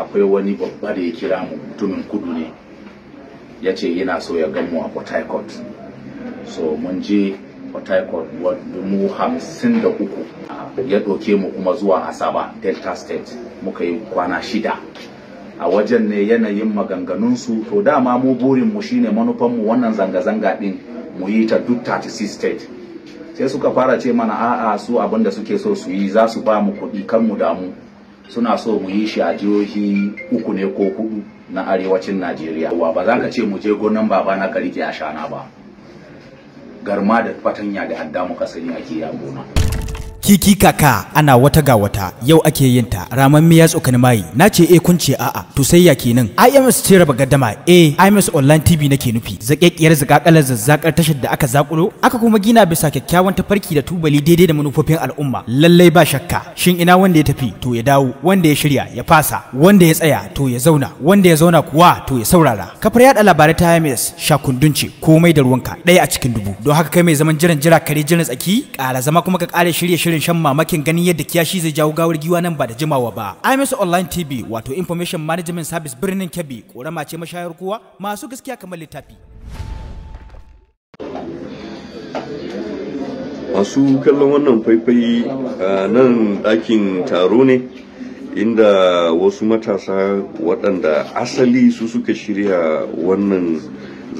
akwai wani babba da ya kira mu mutumin kudu ne ya ce yana so ya gamu a port harcourt so mun je port harcourt mu hamsin da uku ya ɗauke mu kuma zuwa asaba delta state muka yi kwana shida a wajen ne yanayin maganganunsu to dama mu burinmu shine manufanmu wannan zanga-zanga ɗin mu yi ta duk 36 state sai suka fara ce mana a'a su abinda suke so su yi za su ba mu kuɗi kan mu damu suna so mu yi shi a jihohi uku ne ko hudu na arewacin najeriya wa ba za ka ce mu je gonan baba na ka a shana ba garma da fatanya da adda muka sani ake a gona kiki kaka ana wata ga wata yau ake yin ta raman miya tsokani mai na ce eh kun ce a'a to sai ya kenan IMS ce raba gaddama eh IMS online TV nake nufi zakekiyar zakakalar zazzakar tashar da aka zakulo aka kuma gina bisa kyakkyawan tafarki da tubali daidai da manufofin al'umma lallai ba shakka shin ina wanda ya tafi to ya dawo wanda ya shirya ya fasa wanda ya tsaya to ya zauna wanda ya zauna kuwa to ya saurara kafar yada labarai ta IMS shakundun ce komai da ruwanka ɗaya a cikin dubu don haka kai mai zaman jiran jira kare jiran tsaki ƙara zama kuma ka ƙare shirye shirye shirin shan mamakin ganin yadda kiyashi zai jawo gawar giwa nan ba da jimawa ba. IMS Online TV wato Information Management Service birnin Kebbi korama ce mashayar kowa masu gaskiya kamar littafi. Masu kallon wannan faifai a nan ɗakin taro ne inda wasu matasa waɗanda asali su suka shirya wannan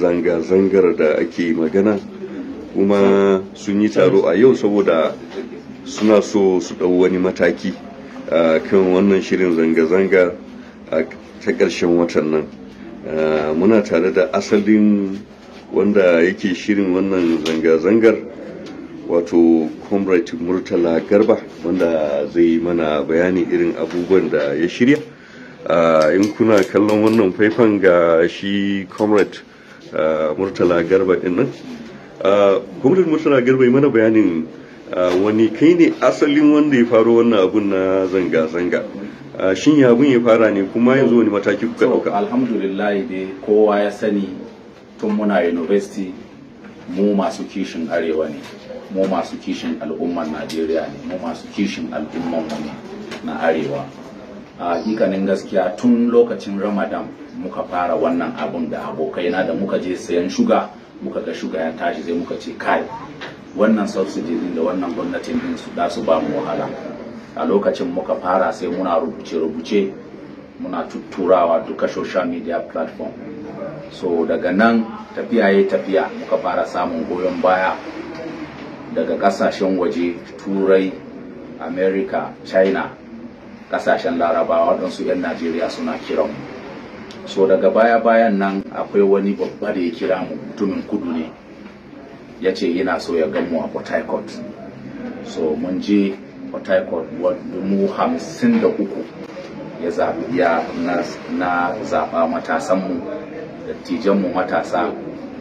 zanga-zangar da ake magana. kuma sun yi taro a yau saboda suna so su ɗau wani mataki kan wannan shirin zanga-zanga ta ƙarshen watan nan muna tare da asalin wanda yake shirin wannan zanga-zangar wato comrade murtala garba wanda zai mana bayani irin abubuwan da ya shirya in kuna kallon wannan faifan ga shi comrade murtala garba ɗin nan comrade murtala garba mana bayanin Ah, wani kai ne asalin wanda ya faru wannan abun na zanga-zanga ah, shin ya abun ya fara ne kuma yanzu wani mataki kuka dauka alhamdulillah dai kowa ya sani tun muna university mu masu kishin arewa ne mu masu kishin al'umman najeriya ne mu masu kishin al'umman wani na arewa a ah, hakikanin gaskiya tun lokacin ramadan muka fara wannan abun da abokaina da muka je sayan shuga muka ga shuga ya tashi sai muka ce kai wannan subsidy din da wannan gwamnatin din su da su ba mu wahala a lokacin muka fara sai muna rubuce-rubuce muna tutturawa duka social media platform so daga nan tafiya ya tafiya muka fara samun goyon baya daga kasashen waje turai america china kasashen larabawa waɗansu 'yan najeriya suna kiran so daga baya-bayan nan akwai wani babba da ya kira mu mutumin kudu ne ya ce yana so ya gamu a port harcourt so mun je port harcourt mu hamsin da uku ya zaɓi ya na zaɓa matasanmu dattijanmu matasa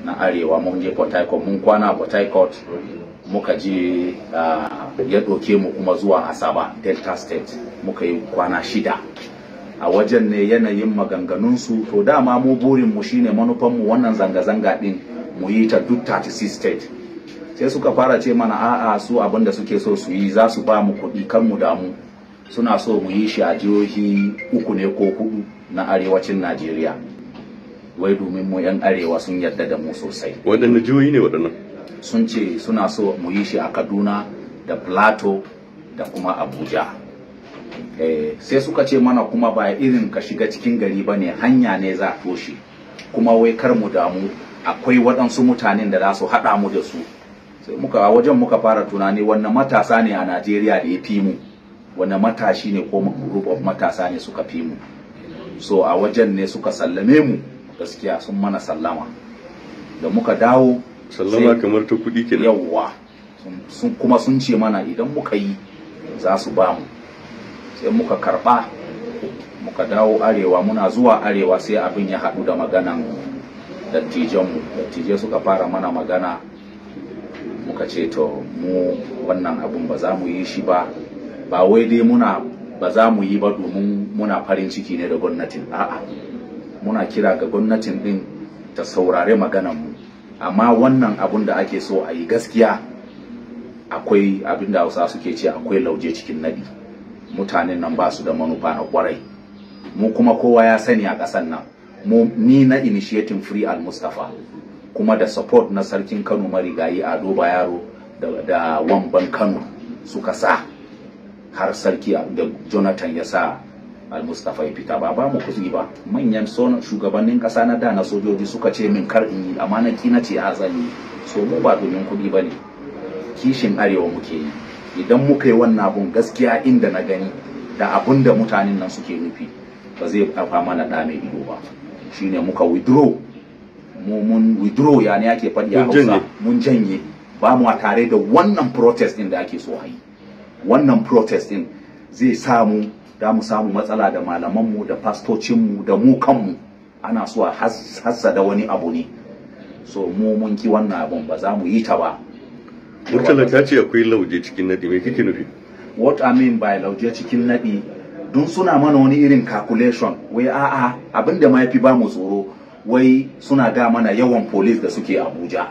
na arewa mun je port harcourt mun kwana a port harcourt muka je ya ɗauke mu kuma zuwa asaba delta state muka yi kwana shida a wajen ne yanayin maganganunsu to dama mu burinmu shine manufanmu wannan zanga-zanga ɗin mu yi ta duk 36 state sai suka fara ce mana a'a su abin da suke so su yi za su ba mu kuɗi kan mu damu suna so mu yi shi a jihohi uku ne ko hudu na arewacin najeriya wai domin mu 'yan arewa sun yarda da mu sosai waɗanne jihohi ne waɗannan sun ce suna so mu yi shi a kaduna da plateau da kuma abuja eh, sai suka ce mana kuma ba irin ka shiga cikin gari ba ne hanya ne za a toshe kuma wai kar mu damu akwai waɗansu mutanen da za su haɗa mu da su sai muka a wajen muka fara tunani wannan matasa ne a najeriya da ya fi mu Wanne matashi ne ko group of matasa ne suka fi mu so a wajen ne suka sallame mu gaskiya sun mana sallama da muka dawo sallama kamar ta kuɗi kenan yawwa sun kuma sun ce mana idan muka yi za su ba mu sai muka karɓa muka dawo arewa muna zuwa arewa sai abin ya haɗu da maganan dattijanmu dattijai suka fara mana magana muka ce to mu wannan abun ba za mu yi shi ba ba wai dai muna ba za mu yi ba domin muna farin ciki ne da gwamnatin a'a muna kira ga gwamnatin din ta saurare mu amma wannan abun da ake so a yi gaskiya akwai abin da hausa suke ce akwai lauje cikin nadi mutanen nan ba su da manufa na kwarai mu kuma kowa ya sani a ƙasar nan ni na initiating free al mustafa kuma da support na sarkin kano marigayi ado doba yaro da wamban kano suka sa har sarki da jonathan ya sa al mustafa ya fita ba ba mu kusi ba manyan shugabannin kasa na da na sojoji suka ce min kar in yi amma na ki ce a yi so mu ba domin kuɗi ba ne kishin arewa muke yi idan muka yi wannan abun gaskiya inda na gani da abun da mutanen nan suke nufi ba zai kafa mana ɗa mai ido ba shine muka withdraw mu mun withdraw ya ne ake faɗi a Hausa mun janye ba mu tare da wannan protest din da ake so a yi wannan protest din zai samu da mu samu matsala da malamanmu da fastocinmu da mu kanmu ana so a hassa da wani abu ne so mu mun ki wannan abun ba za mu yi ta ba Murtala ta ce akwai lauje cikin nadi me kike nufi? What I mean by lauje cikin nadi. don suna mana wani irin calculation wai a'a abinda ma yafi ba mu tsoro wai suna ga mana yawan police da suke abuja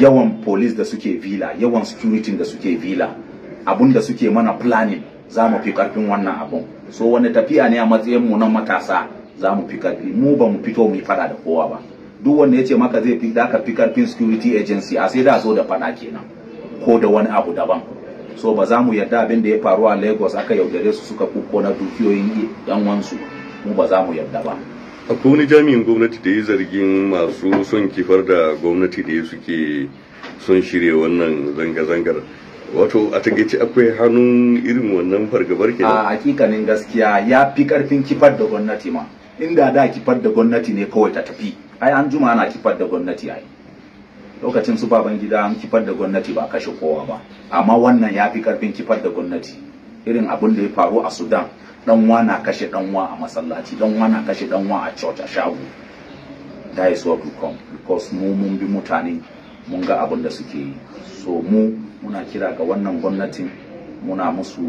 yawan police da suke villa yawan security da suke villa abun da suke mana planning za mu fi karfin wannan abun so wani tafiya ne a matsayin mu na matasa za mu fi karfi mu ba mu fito mu yi fada da kowa ba duk wanda ya ce maka zai fi da fi karfin security agency a sai da so da fada kenan ko da wani abu daban so ba za mu yarda abin da ya faru a lagos aka yaudare su suka kuko na dukiyoyin yan wansu mu ba za mu yarda ba akwai wani jami'in gwamnati da ya zargin masu son kifar da gwamnati da suke son shirya wannan zanga-zangar wato a takaice akwai hannun irin wannan fargabar ke a hakikanin gaskiya ya fi karfin kifar da gwamnati ma inda da kifar da gwamnati ne kawai ta tafi ai an juma ana kifar da gwamnati ai lokacin su baban gida an kifar da gwamnati ba kashe kowa ba amma wannan ya fi karfin kifar da gwamnati irin abin da ya faru a sudan dan wana kashe dan wa a masallaci dan wana kashe dan wa a church a shago that is what we come because mu mun bi mutane mun ga abin da suke yi so mu muna kira ga wannan gwamnatin muna musu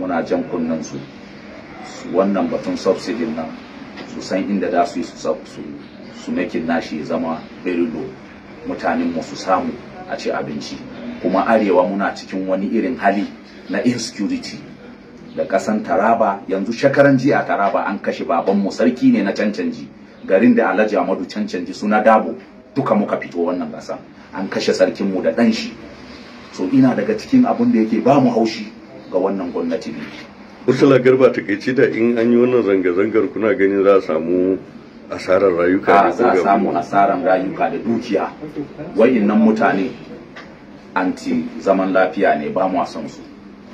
muna jan kunnen su wannan batun subsidy nan su san inda da su yi su su nakin nashi zama very low mutanen mu su samu a ci abinci kuma arewa muna cikin wani irin hali na insecurity da kasan taraba yanzu shekaran jiya taraba an kashe babanmu sarki ne na cancanji garin da alhaji amadu cancanji suna dabo duka muka fito wannan kasan an kashe sarkinmu da ɗan shi so ina daga cikin abun da yake ba mu haushi ga wannan gwamnati ne. Ursula Garba takaici da in an yi wannan zanga-zangar kuna ganin za a samu asarar rayuka da za a samu asarar rayuka da dukiya nan mutane anti zaman lafiya ne ba mu san su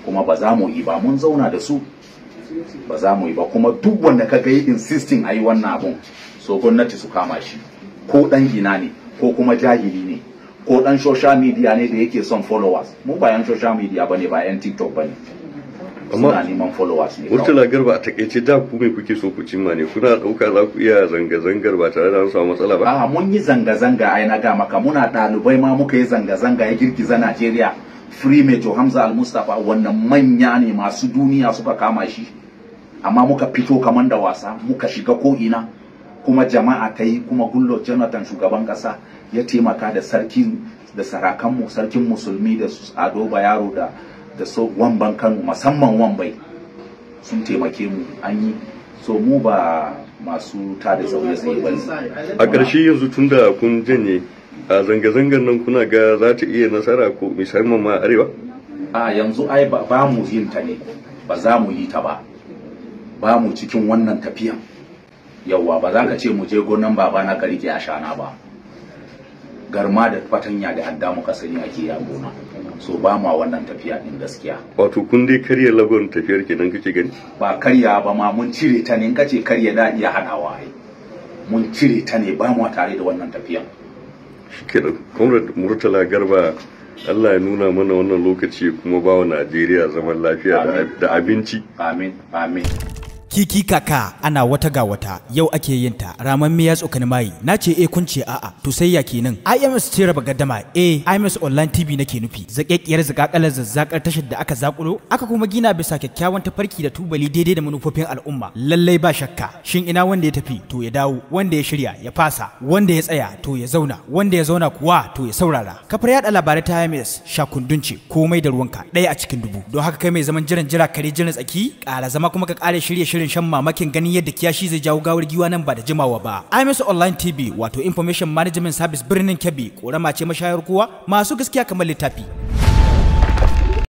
kuma ba za mu yi ba mun zauna da su ba za mu yi ba kuma duk wanda ka ga insisting a yi wannan abun so gwamnati su kama shi ko dan gina ne ko kuma jahili ne ko dan social media ne da yake son followers mu ba yan social media bane ba yan tiktok bane suna neman followers ne murtala garba a takaice da ku mai kuke so ku cimma ne kuna dauka za ku iya zanga-zangar ba tare da an samu matsala ba a mun yi zanga-zanga ai na ga maka muna ɗalibai ma muka yi zanga-zanga ya girgiza Najeriya free major Hamza Al-Mustafa wannan manya ne masu duniya suka kama shi amma muka fito kamar da wasa muka shiga ko ina kuma jama'a ta yi kuma gullo Jonathan shugaban kasa ya taimaka da sarkin da sarakanmu sarkin musulmi da su Ado Bayaro da da so wamban musamman wambai sun taimake mu an yi so mu ba masu tada zaune tsaye ba a ƙarshe yanzu tun da kun janye a zanga-zangar nan kuna ga za ta iya nasara ko musamman ma arewa a yanzu ai ba mu yin ta ne ba za mu yi ta ba ba mu cikin wannan tafiyan yauwa ba za ka ce mu je gonan babana ka rike a shana ba garma da fatanya da adda muka sani ake ya gona so ba ma wannan tafiya din gaskiya wato kun dai karya lagon tafiyar nan kake gani ba karya ba ma mun cire ta ne in kace karya da iya hadawa ai mun cire ta ne ba mu tare da wannan tafiyan shikenan kuma murtala garba Allah ya nuna mana wannan lokaci kuma ba wa Najeriya zaman lafiya da abinci. Amin, amin. kiki kaka ana wata ga wata yau ake yin ta raman miya tsokani mai na ce eh kun ce a'a to sai ya kenan IMS ce raba e eh IMS online TV nake nufi zakekkiyar zakakalar zazzakar tashar da aka zakulo aka kuma gina bisa kyakkyawan tafarki da tubali daidai da manufofin al'umma lallai ba shakka shin ina wanda ya tafi to ya dawo wanda ya shirya ya fasa wanda ya tsaya to ya zauna wanda ya zauna kuwa to ya saurara kafar yada labarai ta IMS shakundun ce komai da ruwanka ɗaya a cikin dubu don haka kai mai zaman jiran jira kare jiran tsaki ƙara zama kuma ka ƙare shirye shirin shirin shan mamakin ganin yadda kiyashi zai jawo gawar giwa nan ba da jimawa ba. IMS Online TV wato Information Management Service birnin Kebbi korama ce mashayar kowa masu gaskiya kamar littafi.